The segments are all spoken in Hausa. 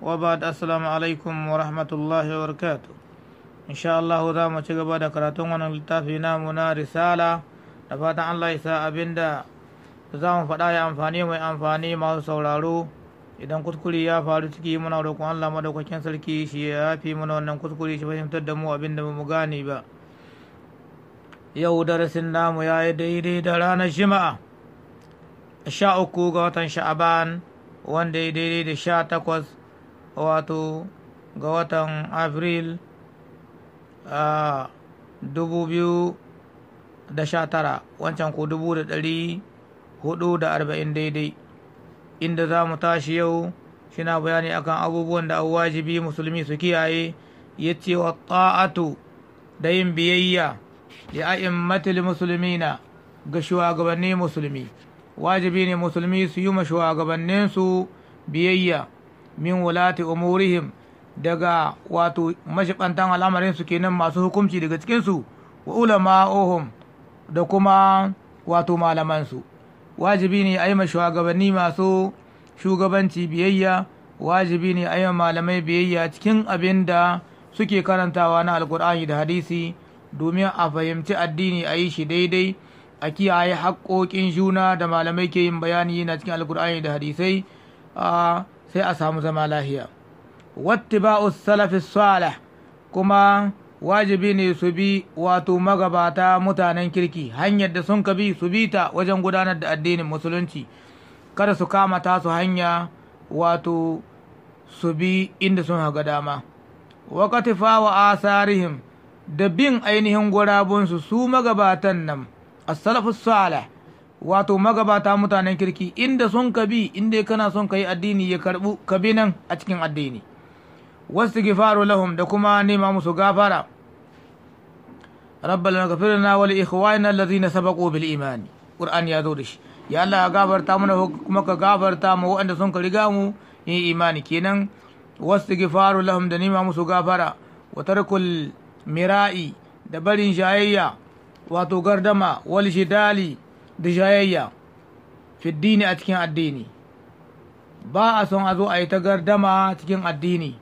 wabad assalamu alaikum wa rahmatullahi wa barakatuh insha Allah za mu ci gaba da karatun wannan littafi namu na risala da fatan Allah ya sa abinda za mu faɗa ya amfani mai amfani masu sauraro idan kuskure ya faru ciki muna roƙon Allah madaukakin sarki shi ya yafi mana wannan kuskure shi fahimtar da mu abinda ba mu gane ba yau darasin namu ya yi daidai da ranar jima'a sha uku ga watan sha'aban wanda ya daidai da sha takwas wato ga watan afril a dubu biyu da sha tara wancan ko dubu da ɗari hudu da arba'in daidai inda za mu tashi yau shina bayani akan abubuwan da wajibi musulmi su kiyaye ya ce wa ta'atu da yin biyayya da musulmi na ga shugabanni musulmi wajibi ne musulmi su yi ma shugabanninsu biyayya min wulati umurihim daga wato mashibantan al'amarin su kenan masu hukunci daga cikinsu wa ulama ohum da kuma wato malamansu wajibi ne a yi ma shugabanni masu shugabanci biyayya wajibi ne a yi malamai biyayya cikin abin da suke karantawa na alkur'ani da hadisi domin a fahimci addini a yi shi daidai a kiyaye haƙoƙin juna da malamai ke yin bayani na cikin alkur'ani da hadisai ah, sai a samu zama lahiya wattiba'u salafi salih kuma wajibi ne su bi wato magabata mutanen kirki hanyar da sun ka bi su bi ta wajen gudanar da addinin musulunci kada su kama tasu hanya wato su bi inda sun haga dama wakati wa asarihim da bin ainihin gurabunsu su magabatan nan as-salafus salih wato magabata mutanen kirki inda son ka bi inda kana son ka yi addini ya karbu ka bi nan a cikin addini wasu gifaru lahum da kuma nema musu gafara rabbal maghfirna wal ikhwana alladhina sabaqu bil imani qur'an ya zo da shi ya Allah gafarta mana kuma ka gafarta mu waɗanda sun ka riga mu yin imani kenan wasu gifaru lahum da nema musu gafara wa tarkul mira'i da barin shayayya wato gardama wal shidali da jayayya fiddini a cikin addini ba a son a zo a yi ta gardama cikin addini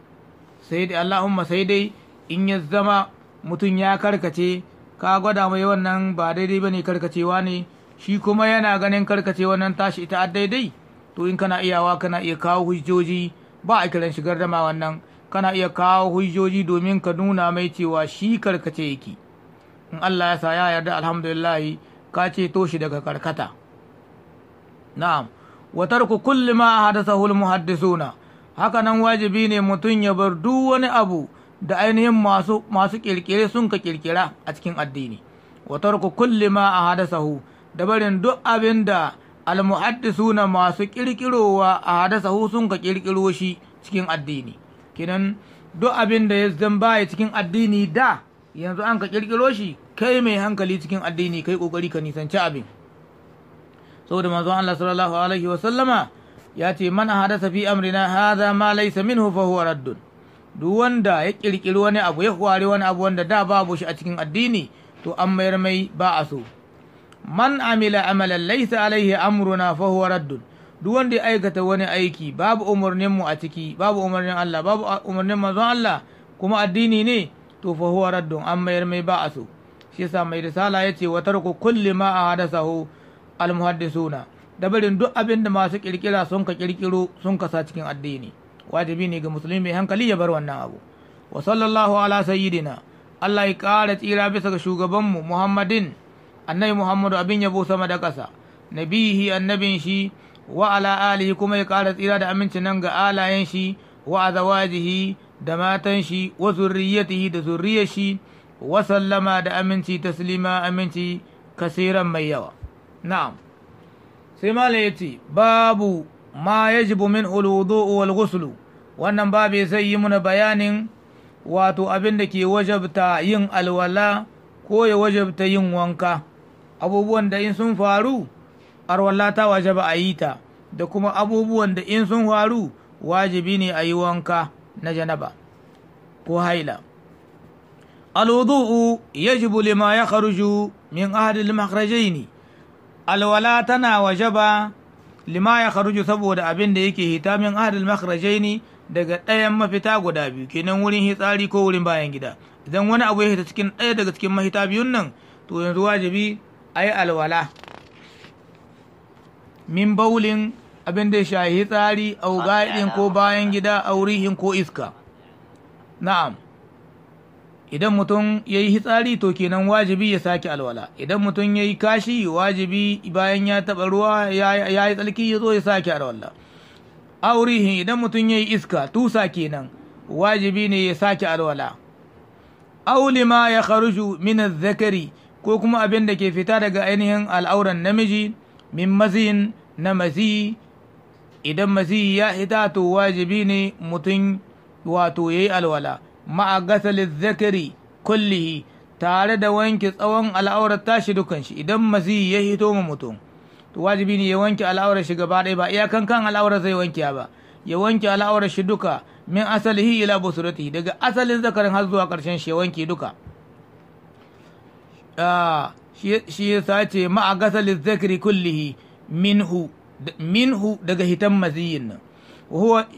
sai dai allahumma sai dai in ya zama mutum ya karkace ka gwada mai wannan ba daidai ba ne karkacewa ne shi kuma yana ganin karkacewa nan tashi ita daidai to in kana iyawa kana iya kawo hujjoji ba a kiran shigar dama wannan kana iya kawo hujjoji domin ka nuna mai cewa shi karkace yake in allah ya sa ya yarda alhamdulillah ka ceto shi daga karkata na'am Watar ku kulli ma hadathahu al-muhaddisuna haka nan wajibi ne mutum ya bar duk wani abu da ainihin masu masu kirkire sun ka kirkira a cikin addini watarku ku kulli ma a sahu, da barin duk abin da almuhaddisuna masu kirkirowa a hadasahu sun ka kirkiro shi cikin addini kinan duk abin da ya zan baya cikin addini da yanzu an ka kirkiro shi kai mai hankali cikin addini kai kokari ka nisanci abin saboda manzon Allah sallallahu alaihi wa sallama ya ce man hadasa fi amrina hadha ma laysa minhu fa huwa raddun duk wanda ya kirkiri wani abu ya kware wani abu wanda da babu shi a cikin addini to an mayar mai ba a so man amila amalan laysa alaihi amruna fa huwa raddun duk wanda ya aikata wani aiki babu umarnin mu a ciki babu umarnin Allah babu umarnin manzon Allah kuma addini ne to fa huwa raddun an mayar mai ba a so shi yasa mai risala ya ce wa tarku kulli ma a al almuhaddisuna da barin duk abin da masu kirkira sun ka kirkiro sun kasa cikin addini wajibi ne ga musulmi mai hankali ya bar wannan abu wa sallallahu ala sayyidina Allah ya kara tsira bisa ga shugabanmu Muhammadin annabi Muhammadu abin yabo sama da kasa nabihi annabin shi wa ala alihi kuma ya kara tsira da amincin nan ga alayen shi wa azawajihi da matan shi wa zurriyatihi da zurriyar shi wasallama da aminci taslima aminci kasiran mai yawa na'am sai malam ya ce babu ma ya min ulwudu wal wannan babu zai yi muna bayanin wato abin da ke wajabta yin alwala ko ya wajabta yin wanka abubuwan da in sun faru arwala ta wajaba a yi ta da kuma abubuwan da in sun faru wajibi ne a yi wanka na janaba ko haila alwudu'u yajibu lima ya kharuju min ahadil makhrajaini alwala tana wajaba lima ya kharuju saboda abinda yake hita min ahadil makhrajaini daga ɗayan mafita guda biyu kenan wurin hitsari ko wurin bayan gida idan wani abu ya hita cikin ɗaya daga cikin mahita biyun nan to yanzu wajibi a yi alwala min baulin abin da ya shahi hitsari au ga'idin ko bayan gida aurihin ko iska na'am idan mutum ya yi hitsari to kenan wajibi ya sake alwala idan mutum ya yi kashi wajibi bayan ya taɓa ruwa ya yi tsarki, ya zo ya sake alwala aurihin idan mutum ya yi iska tusa kenan wajibi ne ya sake alwala aulima ya kharuju min zakari ko kuma abin da ke fita daga ainihin al'auran namiji min mazin na mazi idan mazi ya hita to wajibi ne mutum wato ya yi alwala ma'a gasalin zakari kullihi tare da wanke tsawon al'aurar tashi dukan shi idan maziyi ya hito ma mutum to wajibi ne ya wanke al'aurar shi gaba ɗaya ba iyakan kan al'aurar zai wanke ba ya wanke al'aurar shi duka min asalihi ila busurati daga asalin zakarin har zuwa ƙarshen shi ya wanke duka ah, shi ya sace ma'a gasalin zakari kullihi minhu minhu daga hitan maziyin nan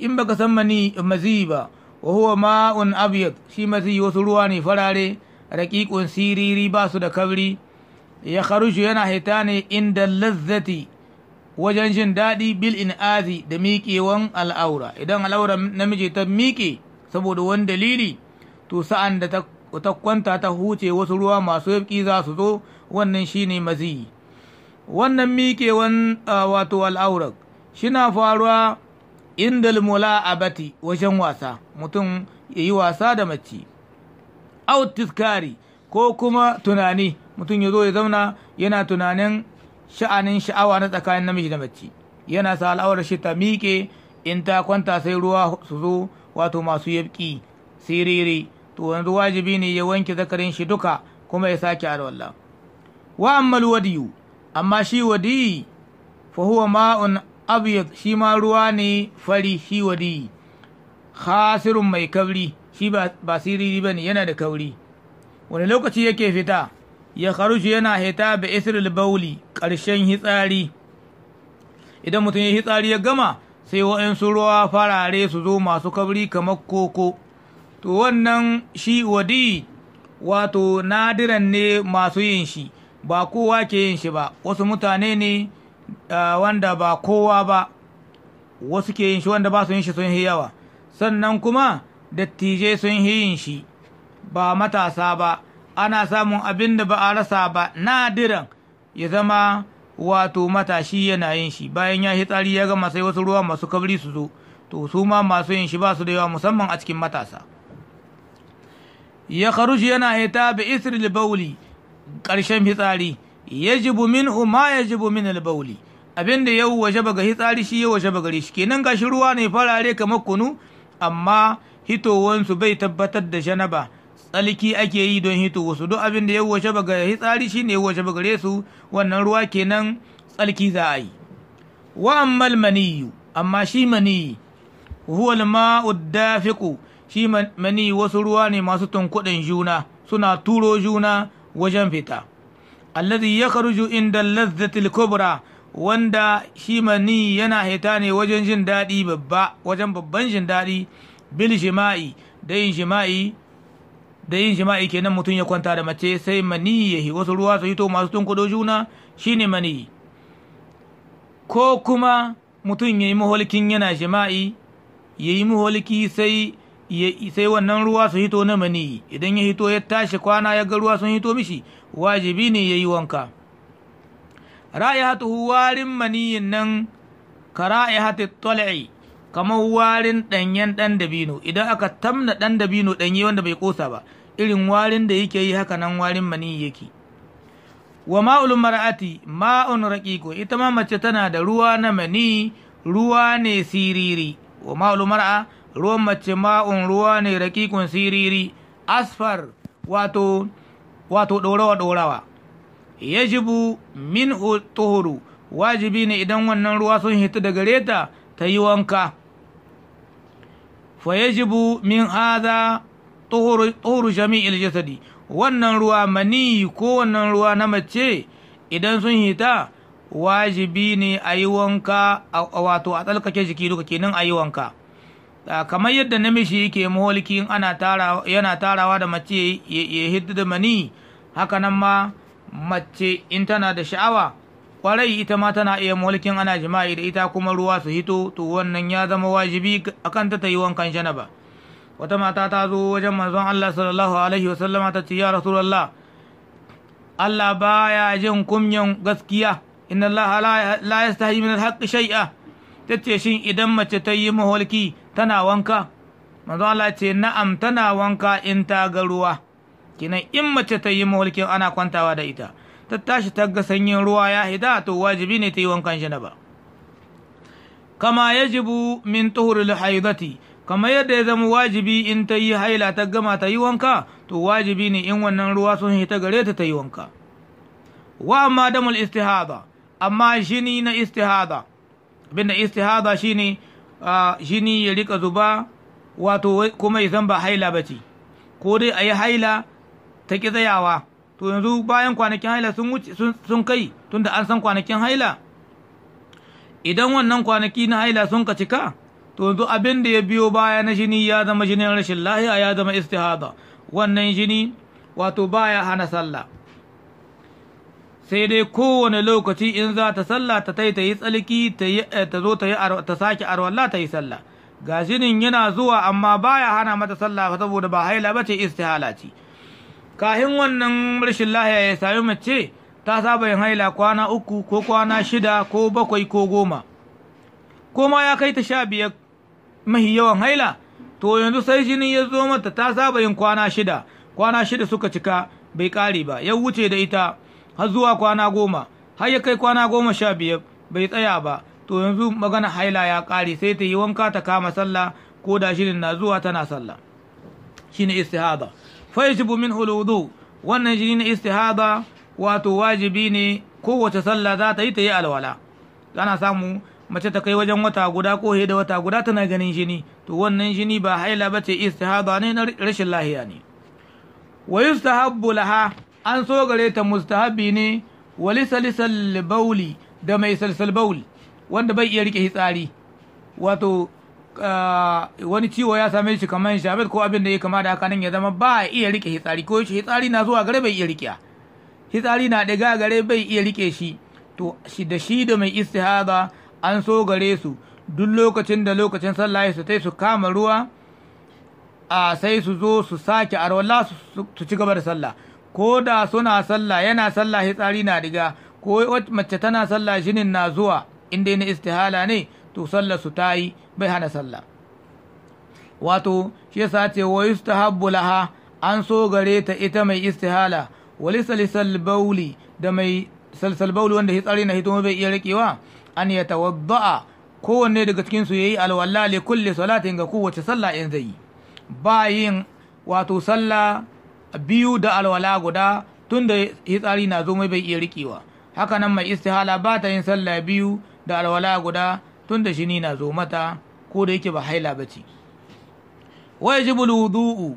in baka san mani maziyi ba wa huwa ma'un abyad shi mazi wasu ruwa ne farare raƙiƙun siriri ba su da kabri ya kharuju yana hita ne inda lazzati wajen jin daɗi bil in azi da miƙewan al'aura idan al'aura namiji ta miƙe saboda wani dalili to sa'an da ta kwanta ta huce wasu ruwa masu yabki za su zo wannan shine mazi wannan miƙewan wato shi shina faruwa Inda indal abati wajen wasa mutum ya yi wasa da mace out tiskari ko kuma tunani mutum ya zo ya zauna yana tunanin sha'anin sha'awa na tsakanin namiji da mace yana sa al'awar shi ta miƙe in ta kwanta sai ruwa su zo wato masu yabki siriri to wanzu wajibi ne ya wanke zakarin shi duka kuma ya sake alwallah wa ammal wadiyu amma shi wadiyi fa huwa ma'un abiyad shi ma ruwa ne fari shi wadi khasirun mai kauri shi ba siriri bane yana da kauri wani lokaci yake fita ya kharuju yana hita ba isril bauli ƙarshen hitsari idan mutum ya hitsari ya gama sai wa'insu ruwa farare su zo masu kabri kamar koko to wannan shi wadi wato nadiran ne masu yin shi ba kowa ke yin shi ba wasu mutane ne wanda ba kowa ba wasu ke yin shi wanda ba su yin shi sun yi yawa sannan kuma dattijai sun yi yin shi ba matasa ba ana samun abin da ba a rasa ba nadiran ya zama wato matashi yana yin shi bayan ya yi tsari ya gama sai wasu ruwa masu kabri su zo to su ma masu yin shi ba su da yawa musamman a cikin matasa ya kharuji yana hita bi isril bauli ƙarshen fitsari yajibu minhu ma yajibu min al-bauli abin da yau waje baga hitsari shi yau waje gari shi kenan gashi ruwa ne farare kamar kunu amma hitowansu bai tabbatar da janaba tsalki ake yi don hito wasu duk abin da yau waje baga hitsari shi ne waje gare su wannan ruwa kenan tsalki za a yi wa ammal maniyu amma shi mani huwa al-ma'u shi mani wasu ruwa ne masu tunkuɗin juna suna turo juna wajen fita allazi ya karuju inda lazzatil kubra wanda shi yana hita ne wajen jin daɗi babba wajen babban jin daɗi bil jima'i da yin jima'i da yin jima'i kenan mutum ya kwanta da mace sai mani ya yi wasu ruwa su hito masu tunkudo juna shine mani ko kuma mutum ya yi maholikin yana jima'i ya yi maholiki sai sai wannan ruwa su hito na mani idan ya hito ya tashi kwana ya ga ruwa sun hito mishi wajibi ne ya yi wanka ra'ihatuhu warin maniyin nan ka ra'ihati tol'i kamar warin ɗanyen ɗan dabino idan aka tamna ɗan dabino ɗanye wanda bai ƙosa ba irin warin da yake yi haka nan warin mani yake wa ma'ul mar'ati ma'un raqiqu ita ma mace tana da ruwa na mani ruwa ne siriri wa ma'ul mar'a ruwan mace ma'un ruwa ne raqiqun siriri asfar wato wato ɗorawa ɗorawa yajibu min tuhuru wajibi ne idan wannan ruwa sun hita daga reta ta yi wanka fa yajibu min haza tuhuru jami'il jasadi wannan ruwa mani ko wannan ruwa na mace idan sun hita wajibi ne a yi wanka wato a tsalkake jiki duka kenan a yi wanka kamar yadda namiji yake maholiki ana yana tarawa da mace ya hidda da mani haka nan ma mace in tana da sha'awa kwarai ita ma tana iya mulkin ana jima'i da ita kuma ruwa su hito to wannan ya zama wajibi akan ta yi wankan janaba wata mata ta zo wajen manzon Allah sallallahu alaihi sallama ta ce ya rasulullah Allah baya jin kunyan gaskiya inna Allah la yastahi min al-haqqi shay'a tace shin idan mace ta yi mahulki tana wanka manzon Allah ce na'am tana wanka in ta ga ruwa kinan in mace ta yi mulkin ana kwantawa da ita ta tashi ta ga sanyin ruwa ya hida to wajibi ne ta yi wankan ba. kama yajibu min tuhuril haidati kama yadda ya zama wajibi in ta yi haila ta gama ta yi wanka to wajibi ne in wannan ruwa sun hita gare ta ta yi wanka wa amma damul istihada amma jini na istihada abinda istihada shine jini ya rika zuba wato kuma ya zamba haila ba ko dai a yi haila ta ki tsayawa to yanzu bayan kwanakin haila sun wuce sun kai tunda an san kwanakin haila idan wannan kwanaki na haila sun ka cika to yanzu abin da ya biyo baya na jini ya zama jinin rashin lahiya ya zama istihada wannan jini wato baya hana sallah sai dai kowane lokaci in za ta sallah ta tai ta yi tsalki eh, ta zo ta yi ta sake arwalla ta yi sallah ga jinin yana zuwa amma baya hana mata sallah saboda ba haila bace istihala ce kahin wannan rashin lahiya ya sami mace ta saba yin haila kwana uku ko kwana shida ko bakwai ko goma ko ma ya kai ta sha biyar mahi yawan haila to yanzu sai jini ya zo mata ta saba yin kwana shida kwana shida suka cika bai kare ba ya wuce da ita har zuwa kwana goma har ya kai kwana goma sha biyar bai tsaya ba to yanzu magana haila ya kare sai ta yi wanka ta kama sallah ko da shirin na zuwa tana sallah shine istihada fa min minhu wannan jini na istihada wato wajibi ne kowace sallah za ta yi ta yi alwala ana samu mace ta kai wajen wata guda ko da wata guda tana ganin jini to wannan jini ba haila ba ce istihada ne na rashin lahiya ne wa yustahabbu laha an so gare ta mustahabi ne wa lisalisal bauli da mai salsal bauli wanda bai iya rike hitsari wato wani ciwo ya same shi kamar shabet ko abin da ya kama da haka nan ya zama ba a iya rike hitsari ko shi hitsari na zuwa gare bai iya rike hitsari na daga gare bai iya rike shi to shi da shi da mai istihada an so gare su duk lokacin da lokacin sallah su tai su kama ruwa a sai su zo su sake arwala su ci gaba da sallah ko da suna sallah yana sallah hitsari na diga ko mace tana sallah shinin na zuwa inda na istihala ne to sallar su ta yi bai hana sallah wato shi yasa ce wa yustahabbu laha an so gare ta ita mai istihala wali salisal bauli da mai salsal bauli wanda hitsari na hito bai iya rikewa an ya tawadda'a kowanne daga cikin su yayi alwala li kulli salatin ga kowace sallah in zai yi wato sallah biyu da alwala guda tunda hitsari na zo bai iya rikewa haka nan mai istihala ba ta yin sallah biyu da alwala guda tun tunda shini na zo mata ko da yake ba haila ba ce wa yajibul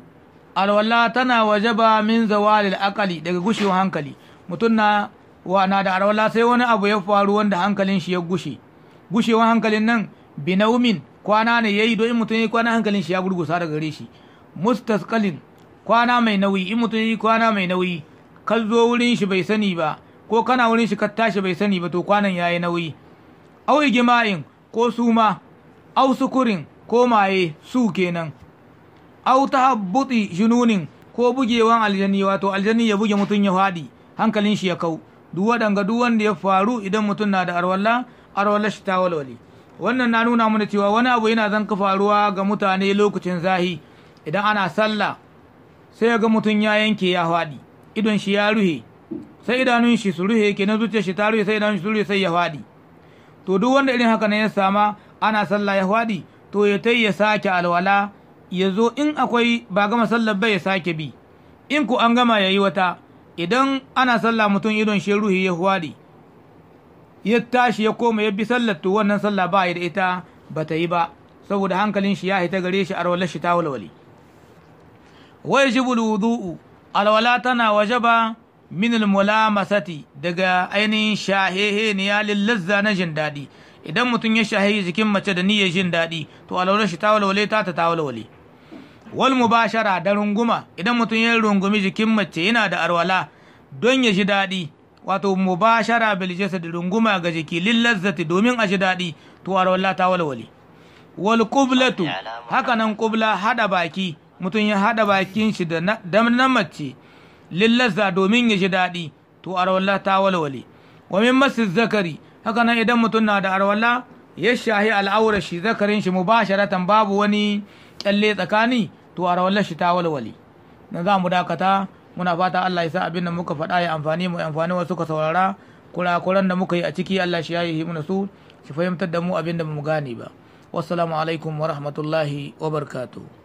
alwala tana wajaba min zawalil akali daga gushewar hankali mutum na wa na da alwala sai wani abu ya faru wanda hankalin shi ya gushe gushewar hankalin nan binaumin kwana ne yayi don in mutum ya kwana hankalin shi ya gurgusa daga gare shi mustaskalin kwana mai nauyi in mutum yi kwana mai nauyi ka zo wurin shi bai sani ba ko kana wurin shi ka tashi bai sani ba to kwanan yi nauyi awi gima'in ko suma au sukurin ko maye su kenan au ta buɗi jununin ko bugewan aljani wato aljani ya buge mutum ya faɗi hankalin shi ya kau duk waɗanga duk wanda ya faru idan mutum na da arwalla arwalla shi ta walwale wannan na nuna mana cewa wani abu yana zanka faruwa ga mutane lokacin zahi idan ana sallah sai ga mutum ya yanke ya faɗi idon shi ya ruhe sai idanun shi su ruhe kenan zuciya shi ta ruhe sai idanun shi su ruhe sai ya faɗi to duk wanda irin haka ne ya sama ana sallah ya hwadi to ya tai ya sake alwala ya zo in akwai ba gama sallar bai ya sake bi in ku an gama ya yi wata idan ana sallah mutum idon shi ruhi ya hwadi ya tashi ya koma ya bi sallar to wannan sallah ba da ita ba ta yi ba saboda hankalin shi ya hita gare shi alwalar shi ta walwali wai jibul wudu'u alwala tana wajaba min almulamasati daga ainihin shahehe ne ya lillazza na jin daɗi idan mutum ya shahehe jikin mace da ni ya jin daɗi to alaurar shi ta walwale ta ta walwale wal mubashara da runguma idan mutum ya rungumi jikin mace yana da arwala don ya ji daɗi wato mubashara bil da runguma ga jiki lillazzati domin a ji daɗi to arwala ta walwale wal qublatu haka nan qubla hada baki mutum ya haɗa bakin shi da na mace lillazza domin ya ji daɗi to arwalla ta walwale wa min masu zakari haka nan idan mutum na da arwalla ya shahi al'aura shi zakarin shi mubasharatan babu wani kyalle tsakani to arwalla shi ta walwale na za mu dakata muna fata Allah ya sa abin da muka faɗa ya amfani mu amfani wasu ka saurara kurakuran da muka yi a ciki Allah shi yayi mu su shi fahimtar da mu abin da mu gane ba wassalamu alaikum wa rahmatullahi wa barakatuh